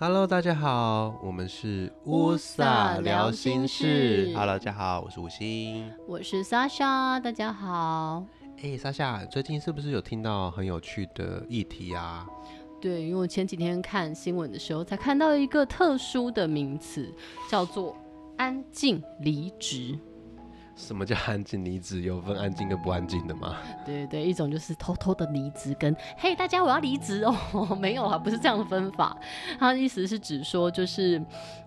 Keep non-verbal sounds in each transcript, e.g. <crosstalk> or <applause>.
Hello，大家好，我們是烏薩聊心室。 <noise> Hello，大家好，我是五星，我是莎莎，大家好。哎，莎莎，最近是不是有聽到很有趣的議題啊？對，因為我前幾天看新聞的時候，才看到一個特殊的名詞，叫做“安靜離職”。什麼叫安靜離職？有分安靜跟不安靜的嗎？對對，一種就是偷偷的離職跟、跟嘿大家我要離職哦，沒有啊，不是這樣的分法。他的意思是指說，就是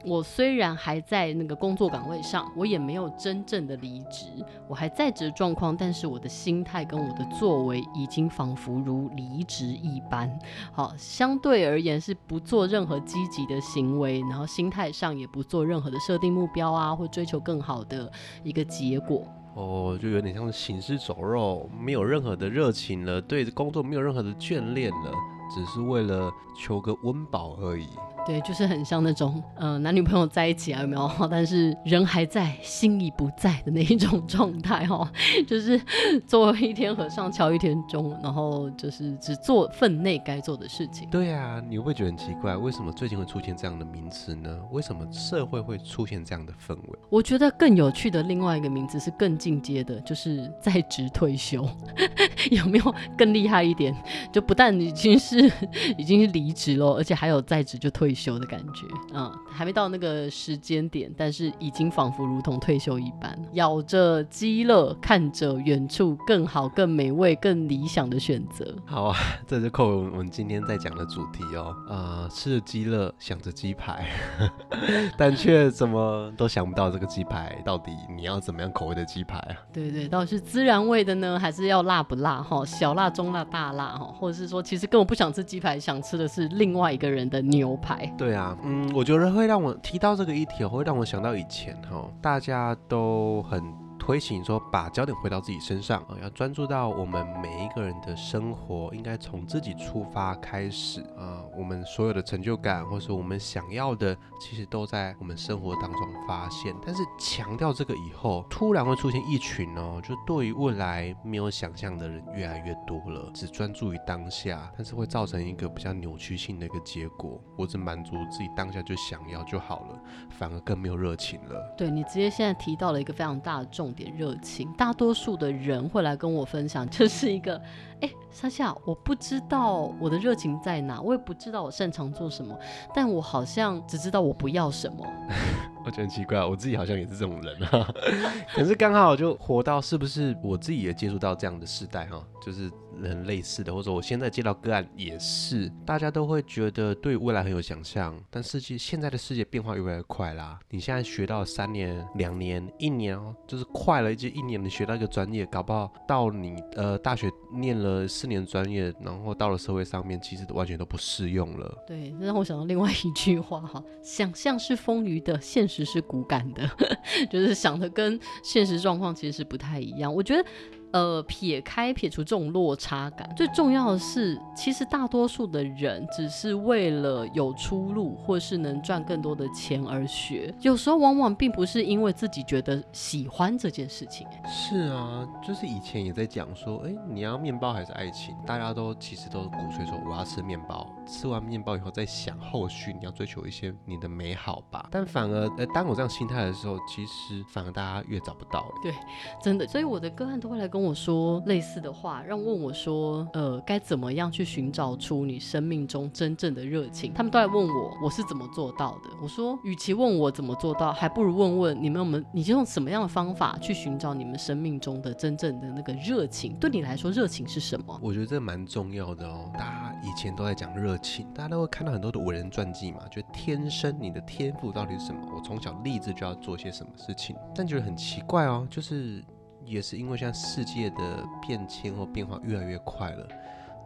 我雖然還在那個工作崗位上，我也沒有真正的離職，我還在職狀況，但是我的心態跟我的作為已經仿佛如離職一般。好，相對而言是不做任何積極的行為，然後心態上也不做任何的設定目標啊，或追求更好的一個結過哦，就有點像行屍走肉，沒有任何的熱情了，對工作沒有任何的眷戀了。只是為了求個溫飽而已。對，就是很像那種，呃，男女朋友在一起啊，有沒有？但是人還在，心已不在的那一種狀態，哦。就是做一天和尚敲一天鐘，然後就是只做份內該做的事情。對啊，你會不會覺得很奇怪？為什麼最近會出現這樣的名詞呢？為什麼社會會出現這樣的氛圍？我覺得更有趣的另外一個名詞是更進階的，就是在職退休， <laughs> 有沒有更厲害一點？就不但已經是。 <laughs> 已經是離職了，而且還有在職就退休的感覺，嗯，還沒到那個時間點，但是已經仿佛如同退休一般，咬着雞肋，看着遠處更好、更美味、更理想的選擇。好啊，這就扣我們今天在講的主題哦。呃，吃着雞肋，想着雞排， <laughs> 但卻怎麼都想不到這個雞排到底你要怎麼樣口味的雞排啊？ <laughs> 對,對對，到底是孜然味的呢，還是要辣不辣哈？小辣、中辣、大辣哈？或者是說，其實根本不想。吃雞排，想吃的是另外一個人的牛排。對啊，嗯，我覺得會讓我提到這個議題，會讓我想到以前哈，大家都很。推行說，把焦點回到自己身上啊、嗯，要專注到我們每一個人的生活，應該從自己出發開始啊、嗯。我們所有的成就感，或是我們想要的，其實都在我們生活當中發現。但是強調這個以後，突然會出現一群哦，就對於未來沒有想象的人越來越多了，只專注於當下，但是會造成一個比較扭曲性的一個結果，我只滿足自己當下就想要就好了，反而更沒有熱情了。對，你直接現在提到了一個非常大的重點。熱情，大多數的人會來跟我分享，就是一個，哎、欸，莎夏，我不知道我的熱情在哪，我也不知道我擅長做什麼，但我好像只知道我不要什麼， <laughs> 我覺得很奇怪，我自己好像也是這種人啊， <laughs> 可是剛好就活到是不是，我自己也接觸到這樣的時代哈，就是。很類似的，或者我現在接到個案也是，大家都會覺得對未來很有想象，但是現現在的世界變化越來越快啦、啊。你現在學到三年、兩年、一年哦、喔，就是快了，就一些一年你學到一個專業，搞不好到你呃大學念了四年專業，然後到了社會上面，其實完全都不適用了。對，讓我想到另外一句話哈，想象是豐腴的，現實是骨感的， <laughs> 就是想的跟現實狀況其實是不太一樣。我覺得。呃，撇開撇除這種落差感，最重要的是，其實大多數的人只是為了有出路，或是能賺更多的錢而學。有時候往往並不是因為自己覺得喜歡這件事情，欸。是啊，就是以前也在講說，哎，你要面包還是愛情？大家都其實都鼓吹說，我要吃面包。吃完面包以後再想後續，你要追求一些你的美好吧。但反而，呃，當我這樣心態的時候，其實反而大家越找不到，欸。對，真的。所以我的個案都會來跟。跟我說類似的話，讓問我說，呃，該怎麼樣去尋找出你生命中真正的熱情？他們都來問我，我是怎麼做到的？我說，與其問我怎麼做到，還不如問問你們有沒有，們你就用什麼樣的方法去尋找你們生命中的真正的那個熱情？對你來說，熱情是什麼？我覺得這蠻重要的哦。大家以前都在講熱情，大家都會看到很多的偉人傳記嘛，覺得天生你的天賦到底是什麼？我從小立志就要做些什麼事情，但覺得很奇怪哦，就是。也是因為現在世界的變遷或變化越來越快了，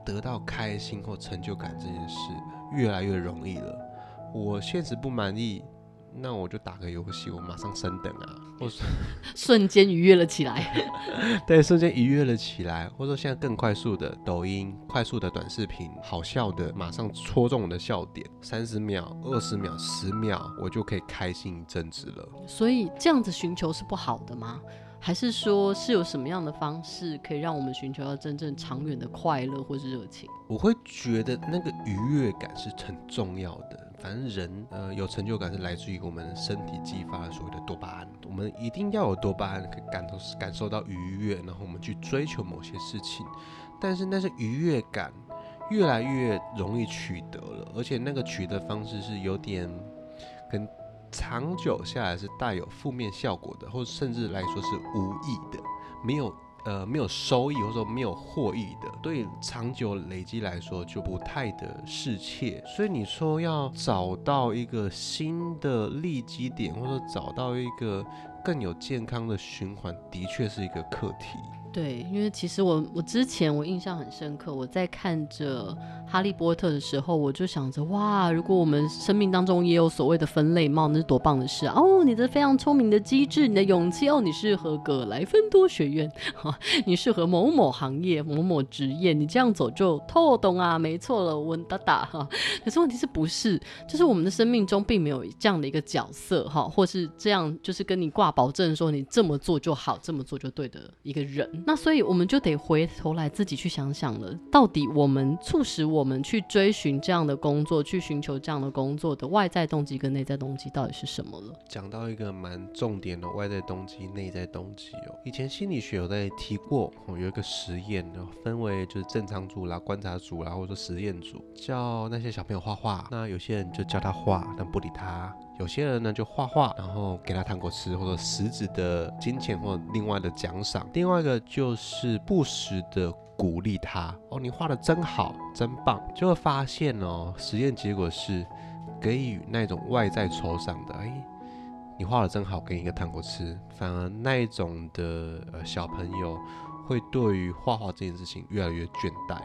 得到開心或成就感這件事越來越容易了。我現實不滿意，那我就打個遊戲，我馬上升等啊，我瞬間愉悅了， <laughs> 了起來。對，瞬間愉悅了起來。或者說現在更快速的抖音，快速的短視頻，好笑的，馬上戳中我的笑點，三十秒、二十秒、十秒，我就可以開心一陣子了。所以這樣子尋求是不好的嗎？還是說，是有什麼樣的方式可以讓我們尋求到真正長遠的快樂或是熱情？我會覺得那個愉悅感是很重要的。反正人，呃，有成就感是來自於我們身體激發所謂的多巴胺。我們一定要有多巴胺，可以感到、感受到愉悅，然後我們去追求某些事情。但是，那些愉悅感越來越容易取得了，而且那個取得方式是有點跟。長久下來是帶有負面效果的，或者甚至來說是無益的，沒有呃沒有收益或者說沒有獲益的，對長久累積來說就不太的適切。所以你說要找到一個新的利基點，或者找到一個更有健康的循環，的確是一個課題。對，因為其實我我之前我印象很深刻，我在看着。哈利波特的時候，我就想着哇，如果我們生命當中也有所謂的分類帽，那是多棒的事啊！哦，你的非常聰明的機智，你的勇氣哦，你是適合格萊芬多學院，哈、哦，你適合某，某某行業、某某職業，你這樣走就透懂啊，沒錯了，溫噠噠哈。可是問題是不是，就是我們的生命中並沒有這樣的一個角色哈、哦，或是這樣就是跟你掛保證說你這麼做就好，這麼做就對的一個人。那所以我們就得回頭來自己去想想了，到底我們促使。我們去追尋這樣的工作，去尋求這樣的工作的外在動機跟內在動機到底是什麼呢？講到一個蠻重點的外在動機、內在動機哦。以前心理學有在提過，有一個實驗，分為就是正常組啦、觀察組啦，或者實驗組，叫那些小朋友畫畫。那有些人就叫他畫，但不理他。有些人呢就畫畫，然後給他糖果吃，或者實質的金錢，或者另外的獎賞。另外一個就是不時地鼓勵他，哦，你畫得真好，真棒，就會發現哦，實驗結果是給予那種外在酬賞的，哎，你畫得真好，給你一個糖果吃，反而那一種的、呃、小朋友會對於畫畫這件事情越來越倦怠，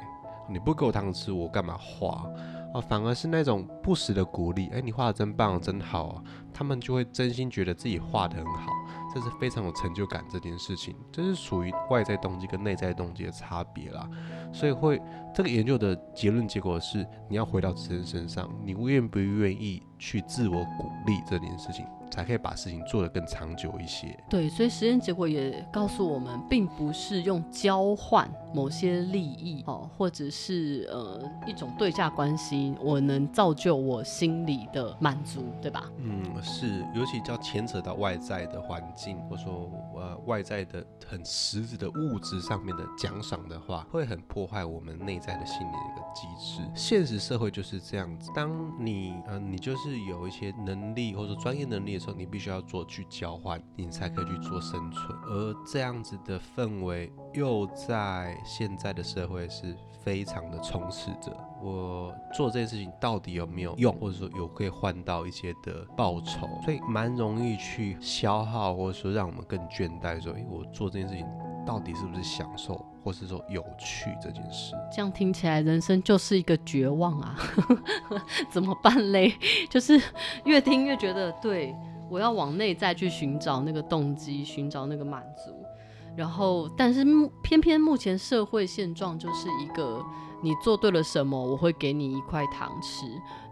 你不給我糖果吃，我幹嘛畫？哦，反而是那種不時的鼓勵，哎、欸，你畫的真棒，真好哦、啊，他們就會真心覺得自己畫的很好，這是非常有成就感這件事情，這、就是屬於外在動機跟內在動機的差別啦，所以會這個研究的結論結果是，你要回到自己身上，你願不願意去自我鼓勵這件事情？才可以把事情做得更長久一些。對，所以實驗結果也告訴我們，並不是用交換某些利益哦，或者是呃一種對價關係，我能造就我心裡的滿足，對吧？嗯，是，尤其叫牽扯到外在的環境，或者說呃外在的很實質的物質上面的獎賞的話，會很破壞我們內在的心理的一個機制。現實社會就是這樣子，當你嗯、呃、你就是有一些能力，或者說專業能力。你必須要做去交換，你才可以去做生存。而這樣子的氛圍，又在現在的社會是非常的充斥着。我做這件事情到底有沒有用，或者說有可以換到一些的報酬？所以蠻容易去消耗，或者說讓我們更倦怠。說，哎、欸，我做這件事情到底是不是享受，或是說有趣這件事？這樣聽起來，人生就是一個絕望啊！ <laughs> 怎麼辦嘞？就是越聽越覺得對。我要往內在去尋找那個動機，尋找那個滿足。然後，但是偏偏目前社會現狀就是一個：你做對了什麼，我會給你一塊糖吃；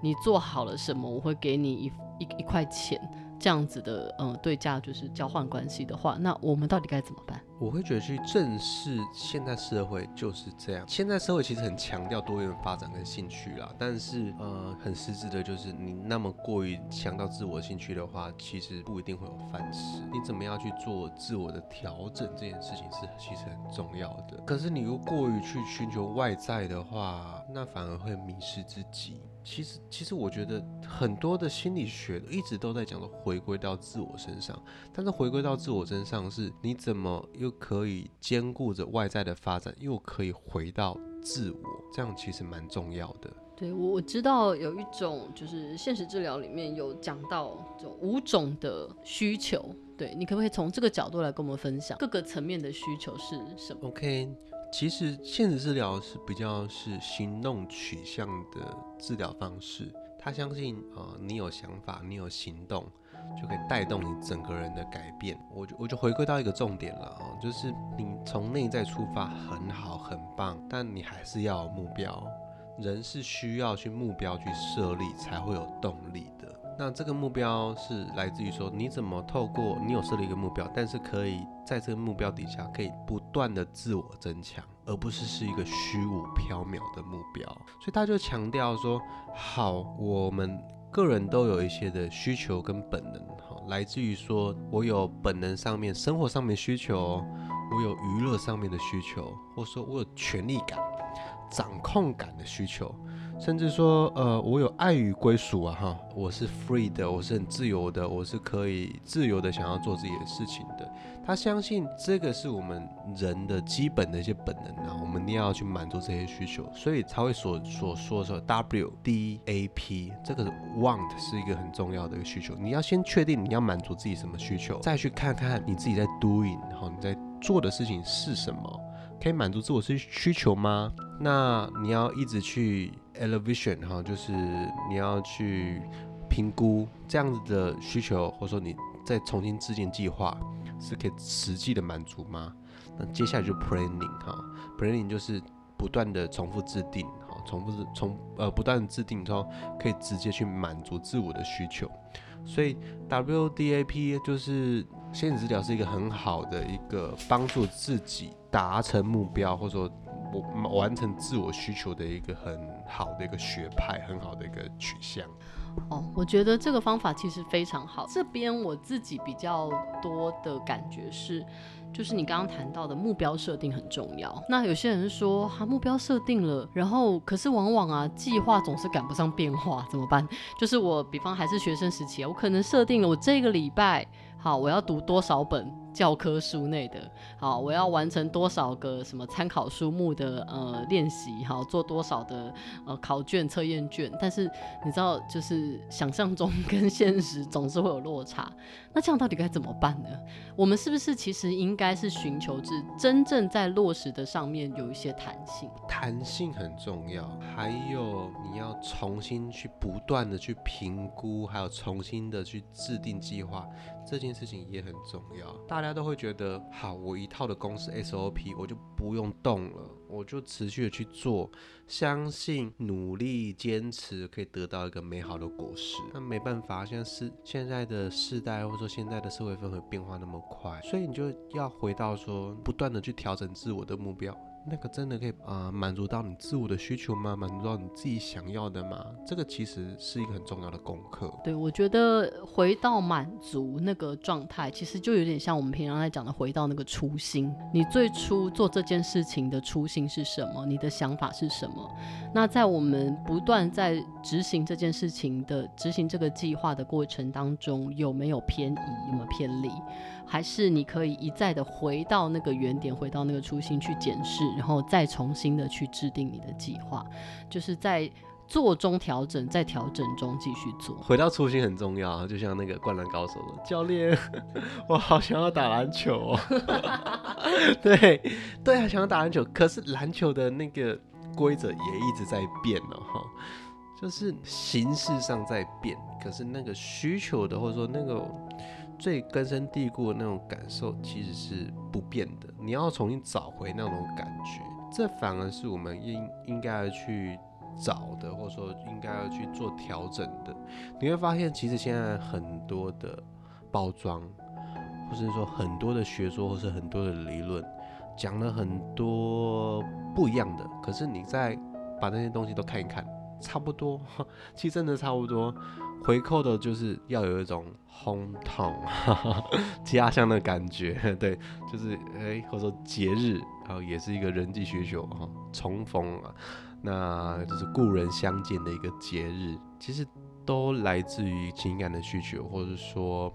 你做好了什麼，我會給你一一一塊錢。這樣子的嗯、呃、對價就是交換關係的話，那我們到底該怎麼辦？我會覺得去正視現在社會就是這樣。現在社會其實很強調多元的發展跟興趣啦，但是呃很實質的就是你那麼過於強調自我興趣的話，其實不一定會有飯吃。你怎麼樣去做自我的調整，這件事情是其實很重要的。可是你如果過於去尋求外在的話。那反而會迷失自己。其實，其實我覺得很多的心理學一直都在講的回歸到自我身上。但是回歸到自我身上，是你怎麼又可以兼顧着外在的發展？又可以回到自我，這樣其實蠻重要的。對，我知道有一種就是現實治療裡面有講到這五種的需求。對，你可不可以從這個角度來跟我們分享各個層面的需求是什麼？OK。其實，現實治療是比較是行動取向的治療方式。他相信啊，你有想法，你有行動，就可以帶動你整個人的改變。我就我就回歸到一個重點了啊，就是你從內在出發，很好，很棒，但你還是要有目標。人是需要去目標去設立，才會有動力。那這個目標是來自於說，你怎麼透過你有設立一個目標，但是可以在這個目標底下可以不斷的自我增強，而不是是一個虛無縹緲的目標。所以他就強調說，好，我們個人都有一些的需求跟本能，哈，來自於說我有本能上面生活上面需求，我有娛樂上面的需求，或說我有權力感、掌控感的需求。甚至說，呃，我有愛與歸屬啊，哈，我是 free 的，我是很自由的，我是可以自由的想要做自己的事情的。他相信這個是我們人的基本的一些本能啊，我們一定要去滿足這些需求，所以才會所所，所說的 W D A P 這個 want 是一個很重要的一個需求。你要先確定你要滿足自己什麼需求，再去看看你自己在 doing 好，你在做的事情是什麼，可以滿足自我需需求嗎？那你要一直去 elevation 哈，就是你要去評估這樣子的需求，或者說你再重新制定計劃，是可以實際的滿足嗎？那接下來就 planning 哈，planning 就是不斷的重複制定，好，重複制重呃不斷的制定之後，可以直接去滿足自我的需求。所以 W D A P 就是現實治療是一個很好的一個幫助自己達成目標，或者說。我完成自我需求的一個很好的一個學派，很好的一個取向。哦，oh, 我覺得這個方法其實非常好。這邊我自己比較多的感覺是，就是你剛剛談到的目標設定很重要。那有些人說，哈、啊，目標設定了，然後可是往往啊，計劃總是趕不上變化，怎麼辦？就是我，比方還是學生時期啊，我可能設定了我這個禮拜，好，我要讀多少本。教科書內的。好，我要完成多少個什麼參考書目的呃練習，好，做多少的呃考卷測驗卷。但是你知道，就是想象中跟現實總是會有落差。那這樣到底該怎麼辦呢？我們是不是其實應該是尋求至真正在落實的上面有一些彈性？彈性很重要，還有你要重新去不斷的去評估，還有重新的去制定計劃，這件事情也很重要。大家都會覺得好，我一套的公司 SOP 我就不用動了，我就持續的去做，相信努力堅持可以得到一個美好的果實。那沒辦法，現在是現在的世代，或者說現在的社會氛圍變化那麼快，所以你就要回到說不斷的去調整自我的目標。那個真的可以啊？呃，滿足到你自我的需求嗎？滿足到你自己想要的嗎？這個其實是一個很重要的功課。對，我覺得回到滿足那個狀態，其實就有點像我們平常在講的，回到那個初心。你最初做這件事情的初心是什麼？你的想法是什麼？那在我們不斷在執行這件事情的執行這個計劃的過程當中，有沒有偏移？有沒有偏離？還是你可以一再的回到那個原點，回到那個初心去檢視，然後再重新的去製定你的計劃，就是在做中調整，在調整中繼續做。回到初心很重要，就像那個灌籃高手的教練，我好想要打籃球喔。 <laughs> <laughs> 對對啊，想要打籃球，可是籃球的那個規則也一直在變哦，哈，就是形式上在變，可是那個需求的或者說那個。最根深蒂固的那種感受其實是不變的，你要重新找回那種感覺，這反而是我們應應該要去找的，或者說應該要去做調整的。你會發現，其實現在很多的包裝，或是說很多的學說，或是很多的理論，講了很多不一樣的。可是你再把那些東西都看一看，差不多，其實真的差不多。回扣的就是要有一種 hometown, 哈哈，家鄉的感覺，對，就是哎、或、欸、者說節日，然、哦、後也是一個人際需求哈。重逢啊，那就是故人相見的一個節日，其實都來自於情感的需求，或者說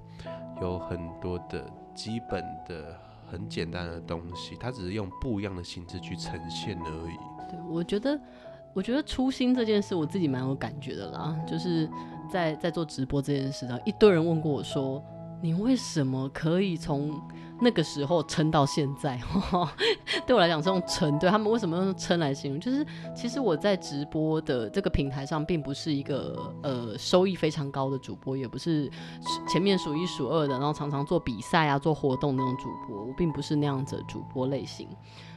有很多的基本的很簡單的東西，它只是用不一樣的形式去呈現而已。對，我覺得。我覺得初心這件事，我自己蠻有感覺的啦。就是在在做直播這件事上，一堆人問過我說，你為什麼可以從那個時候撐到現在？ <laughs> 對我來講是用“撐”，對他們為什麼用“撐”來形容？就是其實我在直播的這個平台上，並不是一個呃收益非常高的主播，也不是前面數一數二的，然後常常做比賽啊、做活動那種主播，我並不是那樣子的主播類型。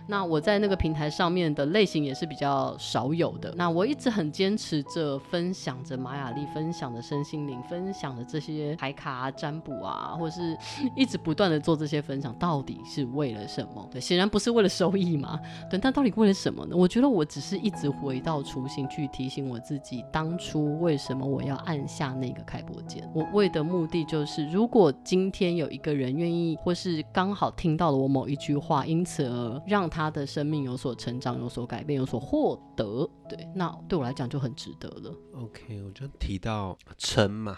那我在那個平台上面的類型也是比較少有的。那我一直很堅持着分享着瑪雅曆分享的身心靈，分享的這些牌卡啊、占卜啊，或者是一直不斷的做這些分享，到底是為了什麼？對，顯然不是為了收益嘛。對，但到底為了什麼呢？我覺得我只是一直回到初心去提醒我自己，當初為什麼我要按下那個開播鍵。我為的目的就是，如果今天有一個人願意，或是剛好聽到了我某一句話，因此而讓他。他的生命有所成長、有所改變、有所獲得，對，那對我來講就很值得了。OK，我就提到撐嘛，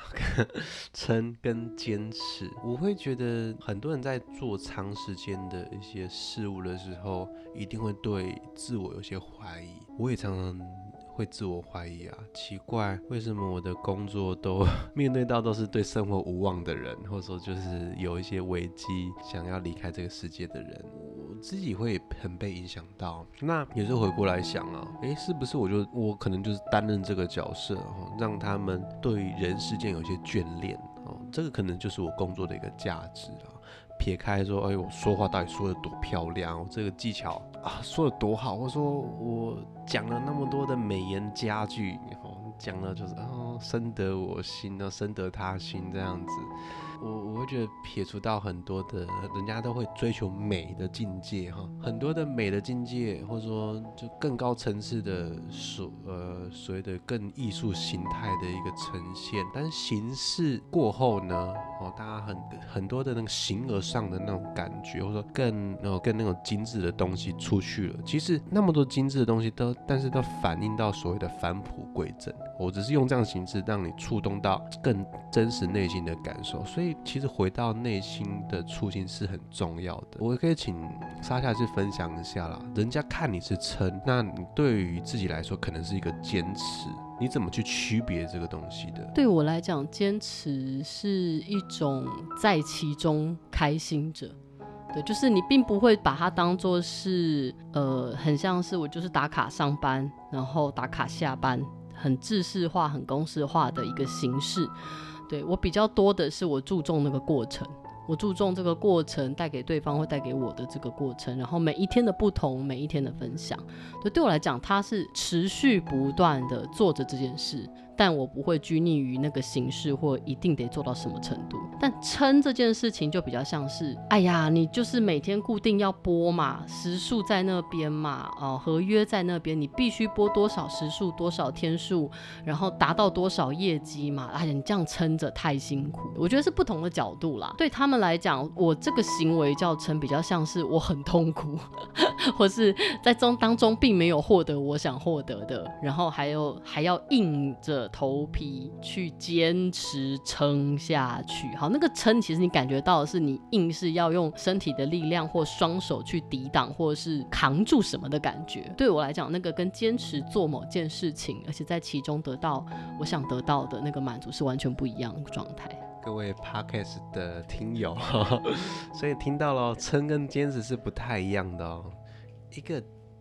撐跟堅持，我會覺得很多人在做長時間的一些事物的時候，一定會對自我有些懷疑。我也常常。會自我懷疑啊，奇怪，為什麼我的工作都面對到都是對生活無望的人，或者說就是有一些危機，想要離開這個世界的人，我自己會很被影響到。那有時候回過來想啊，哎，是不是我就我可能就是擔任這個角色，讓他們對於人世間有一些眷戀哦，這個可能就是我工作的一個價值啊。撇開說，哎、欸、我說話到底說的多漂亮，我這個技巧啊，說的多好。我說我講了那麼多的美言佳句，講了就是哦，深得我心呢，深得他心這樣子。我我會覺得撇除到很多的人家都會追求美的境界哈，很多的美的境界或者說就更高層次的所呃所謂的更藝術形態的一個呈現，但是形式過後呢，哦，大家很很多的那個形而上的那種感覺，或者說更呃更那種精致的東西出去了。其實那麼多精致的東西都但是都反映到所謂的返璞歸真，我只是用這樣的形式讓你觸動到更真實內心的感受，所以。其實回到內心的初心是很重要的，我可以請莎莎去分享一下啦，人家看你是撐，那你對於自己來說可能是一個堅持，你怎麼去區別這個東西的？對我來講，堅持是一種在其中開心着，對，就是你並不會把它當作是呃，很像是我就是打卡上班，然後打卡下班，很制式化、很公式化的一個形式。對，我比較多的是，我注重那個過程，我注重這個過程帶給對方，會帶給我的這個過程，然後每一天的不同，每一天的分享，對，對我來講，它是持續不斷的做着這件事。但我不會拘泥於那個形式，或一定得做到什麼程度。但撐這件事情就比較像是，哎呀，你就是每天固定要播嘛，時數在那邊嘛，哦，合約在那邊，你必須播多少時數、多少天數，然後達到多少業績嘛。哎呀，你這樣撐着太辛苦，我覺得是不同的角度啦。對他們來講，我這個行為叫撐，比較像是我很痛苦， <laughs> 或是在中當中並沒有獲得我想獲得的，然後還有還要硬着。頭皮去堅持撐下去，好，那個撐其實你感覺到的是你硬是要用身體的力量或雙手去抵擋或者是扛住什麼的感覺。對我來講，那個跟堅持做某件事情，而且在其中得到我想得到的那個滿足是完全不一樣的狀態。各位 podcast 的聽友， <laughs> <laughs> 所以聽到了撐跟堅持是不太一樣的哦，一個。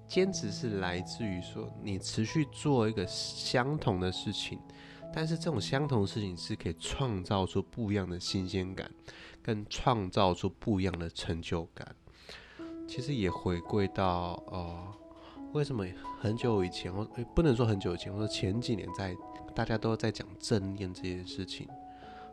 堅持是來自於說你持續做一個相同的事情，但是這種相同的事情是可以創造出不一樣的新鮮感，跟創造出不一樣的成就感。其實也回歸到哦、呃，為什麼很久以前我、欸，不能說很久以前，我說前幾年在大家都在講正念這件事情，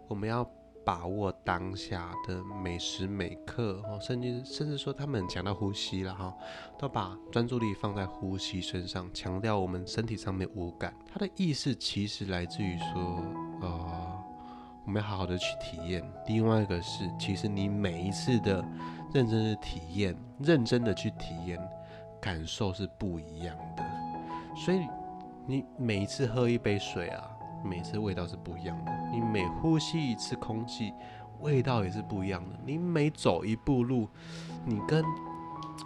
我們要。把握當下的每時每刻，哦，甚至甚至說他們很強調呼吸了哈，都把專注力放在呼吸身上，強調我們身體上面五感。它的意思其實來自於說，呃，我們要好好的去體驗。另外一個是，其實你每一次的認真的體驗，認真的去體驗，感受是不一樣的。所以你每一次喝一杯水啊。每次味道是不一樣的，你每呼吸一次空氣，味道也是不一樣的。你每走一步路，你跟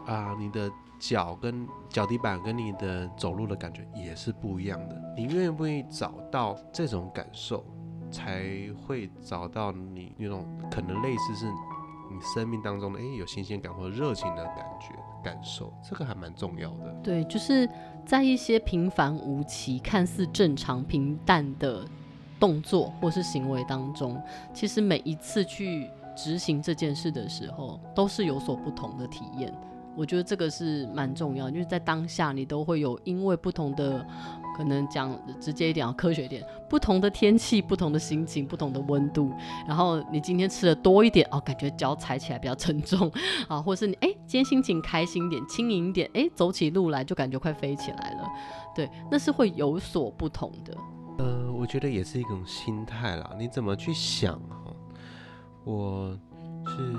啊、呃，你的腳跟腳底板跟你的走路的感覺也是不一樣的。你願不願意找到這種感受，才會找到你那種可能類似是你生命當中的哎、欸、有新鮮感或者熱情的感覺。感受這個還蠻重要的，對，就是在一些平凡無奇、看似正常平淡的動作或是行為當中，其實每一次去執行這件事的時候，都是有所不同的體驗。我覺得這個是蠻重要，就是在當下你都會有因為不同的。可能講直接一點要科學一點，不同的天氣、不同的心情、不同的溫度，然後你今天吃的多一點哦，感覺腳踩起來比較沉重啊、哦，或者是你哎，今天心情開心點，輕盈點，哎，走起路來就感覺快飛起來了，對，那是會有所不同的。呃，我覺得也是一種心態啦，你怎麼去想？我是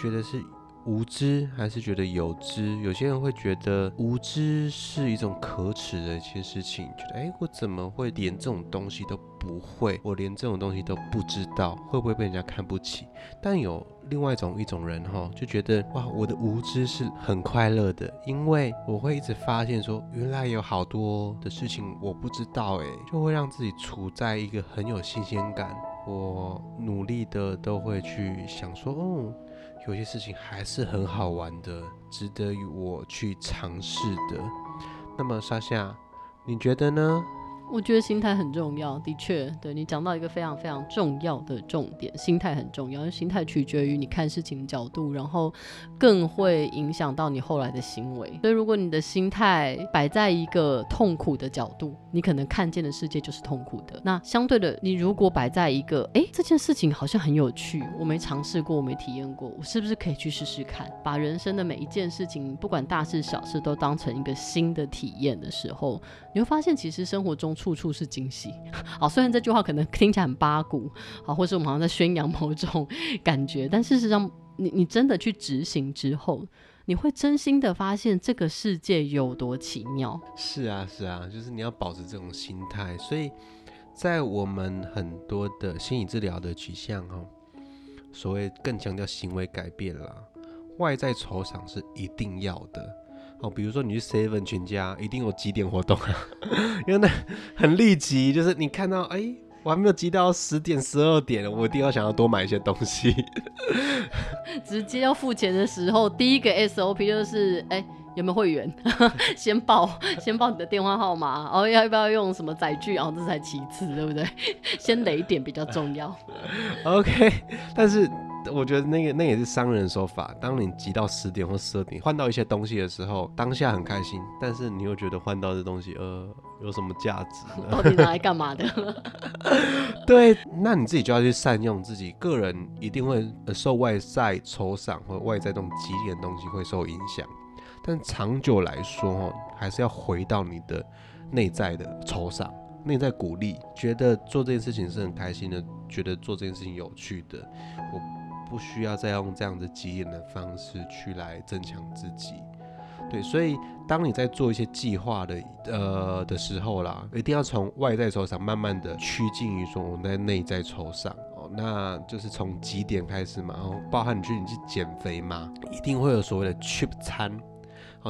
覺得是。無知還是覺得有知？有些人會覺得無知是一種可恥的一些事情，覺得哎、欸，我怎麼會連這種東西都不會，我連這種東西都不知道，會不會被人家看不起？但有另外一種一種人哈，就覺得哇，我的無知是很快樂的，因為我會一直發現說，原來有好多的事情我不知道、欸，哎，就會讓自己處在一個很有新鮮感，我努力的都會去想說，哦、嗯。有些事情還是很好玩的，值得我去嘗試的。那麼莎夏，你覺得呢？我覺得心態很重要，的確，對你講到一個非常非常重要的重點，心態很重要，因為心態取決於你看事情的角度，然後更會影響到你後來的行為。所以，如果你的心態擺在一個痛苦的角度，你可能看見的世界就是痛苦的。那相對的，你如果擺在一個，哎、欸，這件事情好像很有趣，我沒嘗試過，我沒體驗過，我是不是可以去試試看？把人生的每一件事情，不管大事小事，都當成一個新的體驗的時候，你會發現，其實生活中。處處是驚喜。好，雖然這句話可能聽起來很八股，好，或是我們好像在宣揚某種感覺，但事實上，你你真的去執行之後，你會真心的發現這個世界有多奇妙。是啊，是啊，就是你要保持這種心態。所以，在我們很多的心理治療的取向，哦，所謂更強調行為改變啦，外在酬賞是一定要的。哦，比如說你去 Seven 全家，一定有集點活動啊？因為那很立即，就是你看到，哎、欸，我還沒有集到十點、十二點我一定要想要多買一些東西。直接要付錢的時候，第一個 SOP 就是，哎、欸，有沒有會員？ <laughs> 先報，先報你的電話號碼，然後要不要用什麼載具啊？然後這才其次，對不對？ <laughs> 先累一點比較重要。 <laughs> OK，但是。我覺得那個那也是商人的手法。當你集到十點或十二點換到一些東西的時候，當下很開心，但是你又覺得換到這東西呃有什麼價值？到底、哦、拿來幹嘛的？ <laughs> 對，那你自己就要去善用自己。個人一定會受外在酬賞或外在這種集點的東西會受影響，但長久來說、哦，還是要回到你的內在的酬賞、內在鼓勵，覺得做這件事情是很開心的，覺得做這件事情有趣的。我。不需要再用這樣的急眼的方式去來增強自己，對，所以當你在做一些計劃的呃的時候啦，一定要從外在酬賞，慢慢的趨近於說，我在內在酬賞哦、喔，那就是從幾點開始嘛，然後包含你去你去減肥嘛，一定會有所謂的 cheap 餐，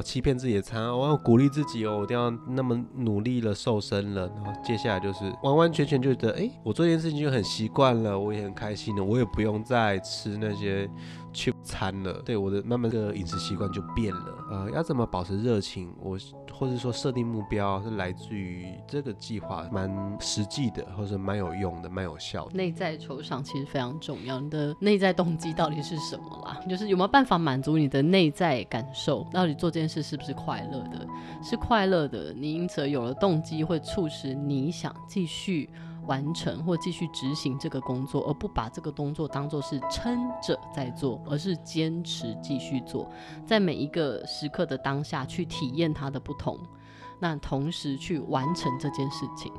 欺騙自己的餐哦，我要鼓勵自己哦，我一定要那麼努力了，瘦身了。然後接下來就是完完全全就覺得，哎、欸，我做這件事情就很習慣了，我也很開心了，我也不用再吃那些去餐了。對我的慢慢的飲食習慣就變了。呃，要怎麼保持熱情？我。或者說設定目標是來自於這個計劃，蠻實際的，或者蠻有用的，蠻有效的。內在酬賞其實非常重要，你的內在動機到底是什麼啦？你就是有沒有辦法滿足你的內在感受？到底做這件事是不是快樂的？是快樂的，你因此有了動機，會促使你想繼續。完成或繼續執行這個工作，而不把這個動作當做是撐着在做，而是堅持繼續做，在每一個時刻的當下去體驗它的不同，那同時去完成這件事情，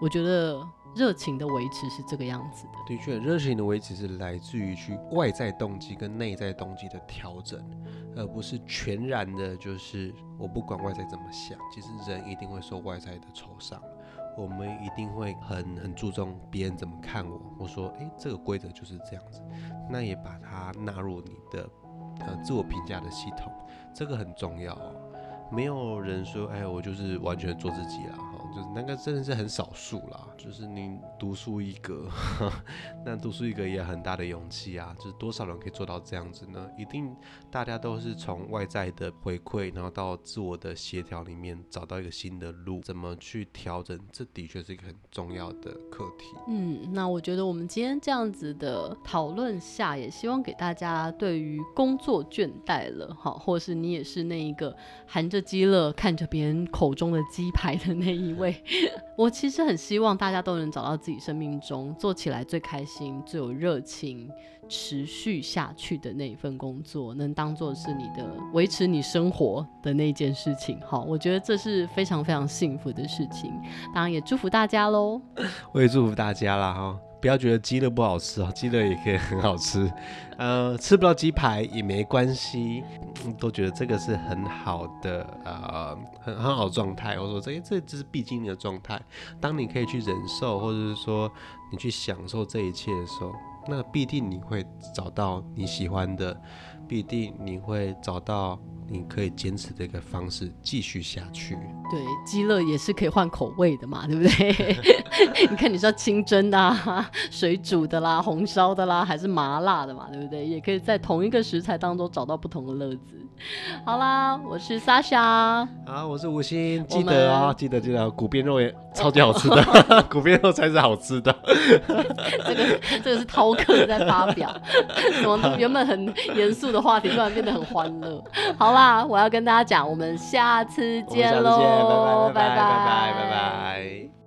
我覺得熱情的維持是這個樣子的。的確，熱情的維持是來自於去外在動機跟內在動機的調整，而不是全然的，就是我不管外在怎麼想，其實人一定會受外在的酬賞。我們一定會很很注重別人怎麼看我。我說，誒，這個規則就是這樣子，那也把它納入你的呃自我評價的系統，這個很重要哦。沒有人說，誒，哎，我就是完全做自己了。就是那個真的是很少數啦，就是你獨樹一格， <laughs> 那獨樹一格也很大的勇氣啊。就是多少人可以做到這樣子呢？一定大家都是從外在的回饋，然後到自我的協調裡面找到一個新的路，怎麼去調整，這的確是一個很重要的課題。嗯，那我覺得我們今天這樣子的討論下，也希望給大家對於工作倦怠了，好，或是你也是那一個含着雞肋，看着別人口中的雞排的那一位 <laughs> 我其實很希望大家都能找到自己生命中做起來最開心、最有熱情、持續下去的那一份工作，能當做是你的維持你生活的那一件事情。我覺得這是非常非常幸福的事情。當然也祝福大家嘍， <laughs> 我也祝福大家了哈。哦不要覺得雞肋不好吃啊、喔，雞肋也可以很好吃。呃，吃不到雞排也沒關係，都覺得這個是很好的，呃，很很好狀態。我說這這就是必經你的狀態，當你可以去忍受，或者是說你去享受這一切的時候。那必定你會找到你喜歡的，必定你會找到你可以堅持這個方式繼續下去。對，雞肋也是可以換口味的嘛，對不對？ <laughs> <laughs> 你看你說清蒸的啊，水煮的啦、紅燒的啦，還是麻辣的嘛，對不對？也可以在同一個食材當中找到不同的樂子。好啦，我是 Sasha，啊，我是吳昕，記得啊，們記得記得、啊，骨邊肉也超級好吃的，骨邊、哦哦哦、 <laughs> 肉才是好吃的。 <laughs> 這個這個是逃課在發表， <laughs> 原本很嚴肅的話題，突然變得很歡樂。 <laughs> 好啦，我要跟大家講，我們下次見嘍，拜拜拜拜。